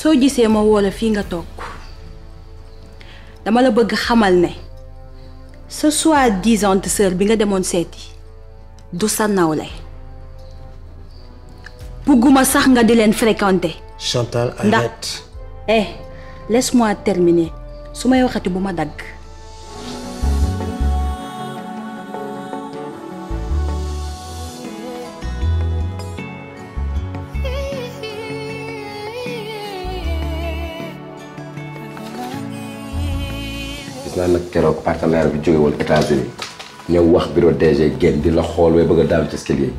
soo gisee ma woo fii nga toog dama la bëgg xamal ne sa soi-disant sœur bi nga demoon seeti du sa nawle bëgguma sax nga di leen fréquenter. Chantal arrête ndax eh laisse-moi terminer su may waxati bu ma dagg. naa nag keroog partenaire bi jóge woon États-Unis ñëw wax bureau DG génn di la xool way bëgg a daanu ci escalier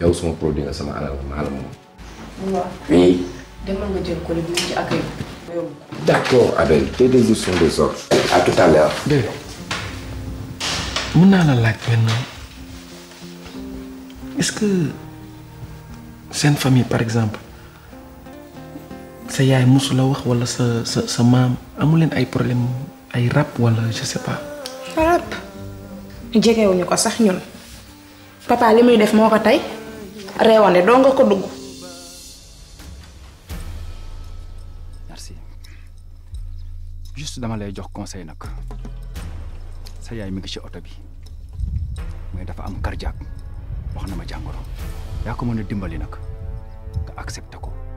yow sama produit nga sama alal maa la moom. waaw oui. demal nga jël colis bi ñu ci accueil. Abel tes désirs sont des naa la laaj benn est-ce que seen famille par exemple sa yaay mosu wax walla sa sa sa maam amu leen ay problème ay rab wala je jegewuñu ko sax ñun papa li muy def moo ko tey reewande doo nga ko dugg. merci dama lay jox conseil nag sa yaay mi ngi ci oto bi mais dafa am cardiaque wax na ma jàngoro yaa ko mën a dimbali nag nga accepté ko.